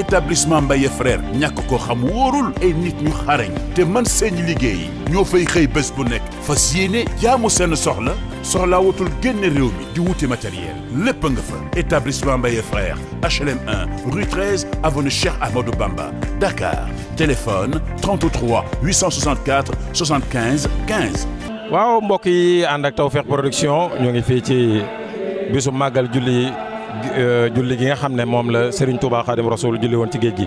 établissement Mbaye frère ñàkk ko xam wóorul ay nit ñu xarañ te man seeni liggéey ñoo fay xëy bés bu nekk fas yéene jaamu seen soxla soxlaa wutul génn réew mi di wuti matériel lépp nga fa établissement Mbaye frère HLM 1 rue 13 avenue Cheikh Amadou Bamba Dakar téléphone 33 864 75 15. waaw mbokk yi ànd ak Tawfekh Production ñu ngi fii ci bisu màggal julli. Euh, julli gi nga xam ne moom la sëriñ Touba Khadim Rasoul julli woon ci géej gi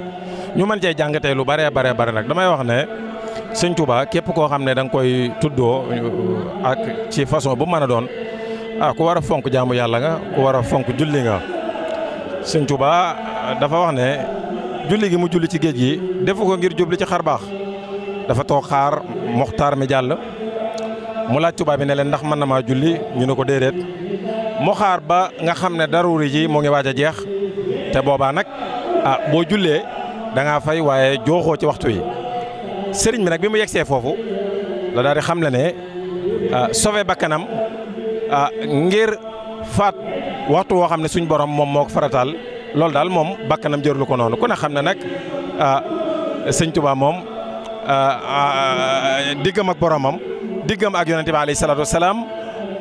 ñu mën cee jàngatee lu bare bare bare nag damay wax ne sëñ Touba képp koo xam ne danga koy tuddoo euh, ak ci façon bu mën a doon ah ku war a fonk jaamu yàlla nga ku war a fonk julli nga Serigne Touba euh, dafa wax ne julli gi mu julli ci géej gi defu ko ngir jubli ci xar baax dafa toog xaar Moxtaar mi jàll mu laaj tubaab bi ne leen ndax mën na maa julli ñu ne ko déedéet mu xaar ba nga xam ne daruri ji mu ngi waaj a jeex te boobaa nag ah, boo jullee danga fay waaye jooxoo ci waxtu yi sëriñ bi nag bi mu yegsee foofu la daal di xam le ne ah, sauvé bakkanam ah, ngir faat waxtu woo xam ne suñ borom moom moo ko farataal loolu daal moom bakkanam jërlu ko noonu ku ne xam ne nag sëñ Tuubaa moom diggam ak boromam diggam ak yonente bi alayhi salaatu wasalaam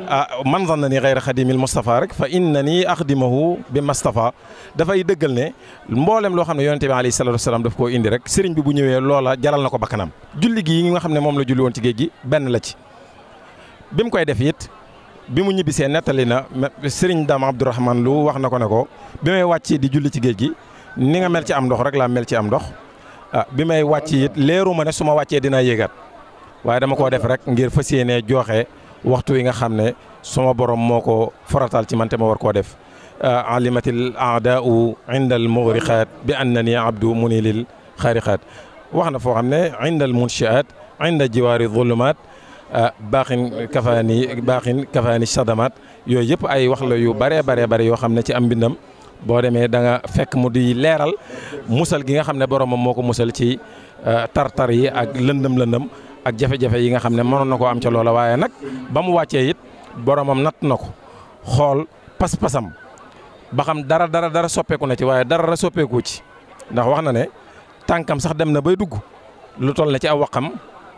Ah, man na ni xayra xadimil Moustapha rek fa indi na ni axdimahu bi Moustapha dafay dëggal ne mboolem loo xam ne yonente bi alayhi salatu wasalaam daf koo indi rek sëriñ bi bu ñëwee loola jaral na ko bakkanam julli gi yi nga xam ne moom la julli woon ci géej gi benn la ci bi mu koy def it bi mu ñibbisee nettali na sëriñ Dame Abdourahman lu wax na ko ne ko bi may wàccee di julli ci géej gi ni nga mel ci am ndox rek laa mel ci am ndox ah, bi may wàcc leeru ma ne su ma wàccee dinaa yéegaat waaye dama koo def rek ngir fas yéenee joxe waxtu wi nga xam ne sama borom moo ko forotal ci man te ma war koo def uh, alimatil aadaau inda al mughriqaat bi annani abdu muni lil wax na foo xam ne inda al munshiaat inda jiwaari zulumaat uh, baaxin kafaani baaxin kafaani yooyu yëpp ay wax la yu bare bare bare yoo xam ne ci am mbindam boo demee da nga fekk mu di leeral musal gi nga xam ne boromam moo ko musal ci uh, tartar yi ak lëndëm lëndëm ak jafe-jafe yi nga xam ne mënoon na koo am ca loola waaye nag ba mu wàccee it boromam natt na ko xool pas-pasam ba xam dara dara dara soppeeku na ci waaye dara soppeeku ci ndax wax na ne tànkam sax dem na bay dugg lu toll na ci aw waxam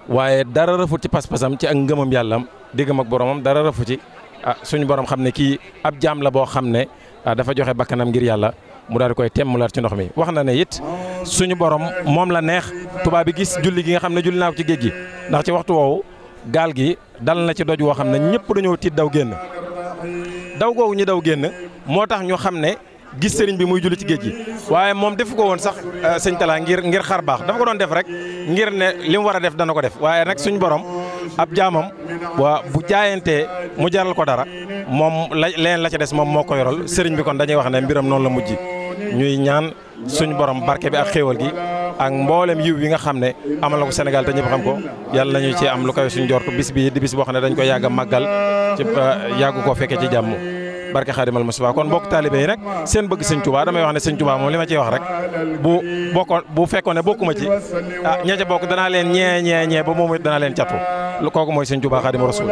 waaye dara rëfu ci pas-pasam ci ak ngëmam yàllam diggam ak boromam dara rëfu ci ah suñu borom xam ne kii ab jaam la boo xam ne ah, dafa joxe bakkanam ngir yàlla. mu daal koy temmulaat ci ndox mi wax na ne it suñu borom moom la neex tubaab bi gis julli gi nga xam ne julli naa ko ci géej gi ndax ci waxtu woowu gaal gi dal na ci doj woo xam ne ñëpp dañoo tiit daw génn daw googu ñu daw génn moo tax ñu xam ne gis sëriñ bi muy julli ci géej gi waaye moom defu ko woon sax euh, sëñ Talla ngir ngir xar baax dafa ko doon def rek ngir ne li mu war a def dana ko def waaye nag suñu borom ab jaamam waa bu jaayantee mu jaral ko dara moom la leen la ca des moom moo ko yoral sëriñ bi kon dañuy wax ne mbiram noonu la mujj. ñuy ñaan suñu borom barke bi ak xéewal gi ak mbooleem yiw yi nga xam ne amal na ko senegal te ñëpp xam ko yàlla nañu ci am lu kawe suñu jortu bis bi di bis boo xam ne dañ ko yàgg a màggal ci euh, yàggu koo fekkee ci jàmm barke xaadimal Mustafa kon mbokk taalibe yi rek seen bëgg sëñ Tuubaa damay wax ne sëñ Tuubaa moom li ma ciy wax rek bu bokkoon bu fekkoon ne bokkuma ci ah ña bokk danaa leen ñee ñee ñee ba moom it danaa leen catu kooku mooy sëñ Tuubaa xaadimu rasuul